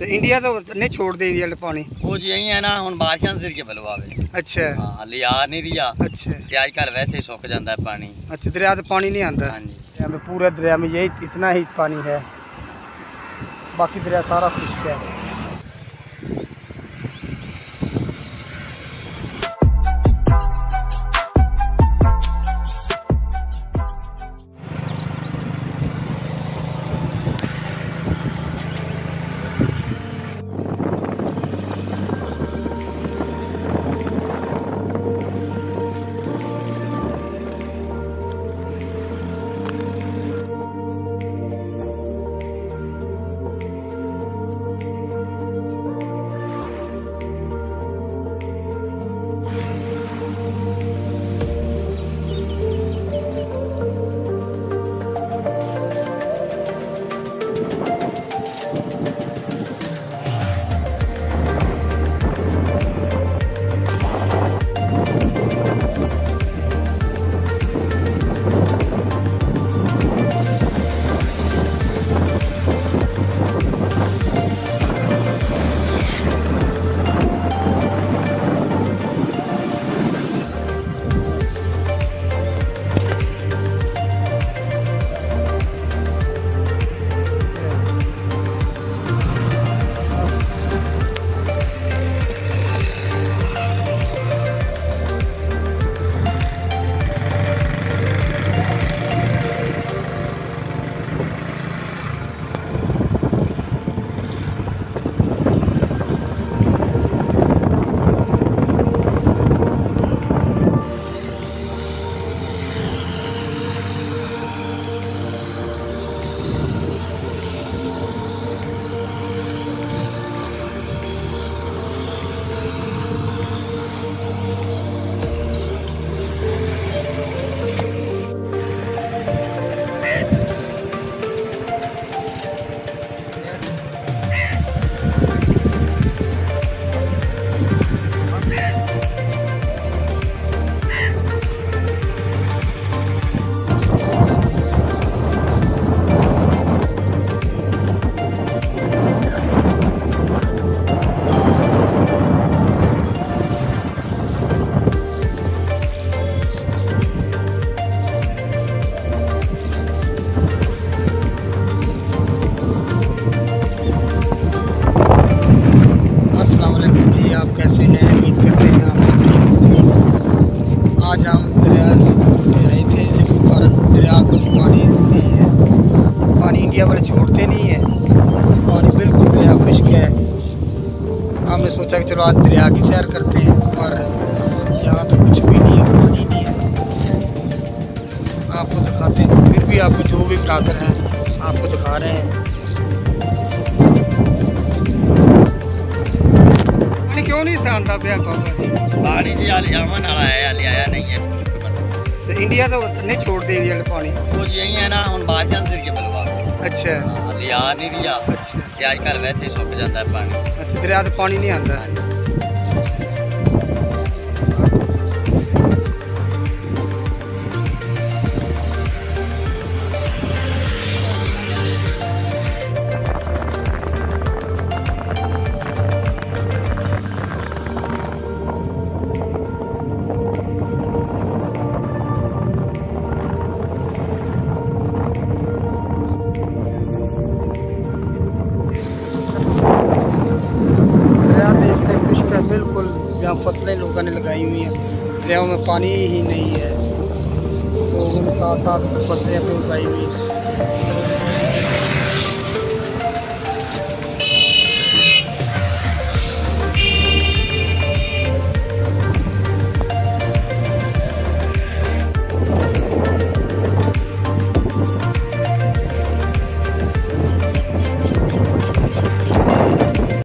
ਤੇ ਇੰਡੀਆ ਤੋਂ ਨਹੀਂ ਛੋੜਦੇ ਇੰਡੀਆ ਵਾਲੇ ਪਾਣੀ ਉਹ ਜੀ ਐਂ ਹੈ ਨਾ ਹੁਣ ਬਾਰਿਸ਼ਾਂ ਦੇ ਜ਼ਰੀਏ ਬਲਵਾ ਆਵੇ ਅੱਛਾ ਹਾਂ ਲਿਆ ਨਹੀਂ ਰਿਆ अच्छा ਤੇ ਅੱਜ ਕੱਲ ਵੈਸੇ ਹੀ ਸੁੱਕ ਜਾਂਦਾ ਹੈ ਪਾਣੀ अच्छा दरिया से पानी नहीं आता ਹਾਂਜੀ दरिया में पूरे दरिया में यही इतना ही पानी है बाकी दरिया सारा खुश्क है और बिल्कुल जो है खुश्क है हमने सोचा कि चलो आज दरिया की सैर करते हैं और यहाँ तो कुछ भी नहीं है पानी नहीं है आपको दिखाते हैं फिर भी आपको जो भी प्रातर हैं आपको दिखा रहे हैं क्यों नहीं सांदा पानी जी हाले आवन वाला है हाले आया नहीं है तो इंडिया तो नहीं छोड़ते पानी वो यही है ना हम बाहर जाते के बलवा ਅੱਛਾ ਦਰਿਆ ਨਹੀਂ ਰਿਹਾ ਅੱਛਾ ਤੇ ਅੱਜ ਕੱਲ ਵੈਸੇ ਸੁੱਕ ਜਾਂਦਾ ਪਾਣੀ ਅੱਛਾ ਦਰਿਆ ਤੇ ਪਾਣੀ ਨਹੀਂ ਆਉਂਦਾ दरियाओं में पानी ही नहीं है तो उन साथ साथ फसलें अपनी उगाई हुई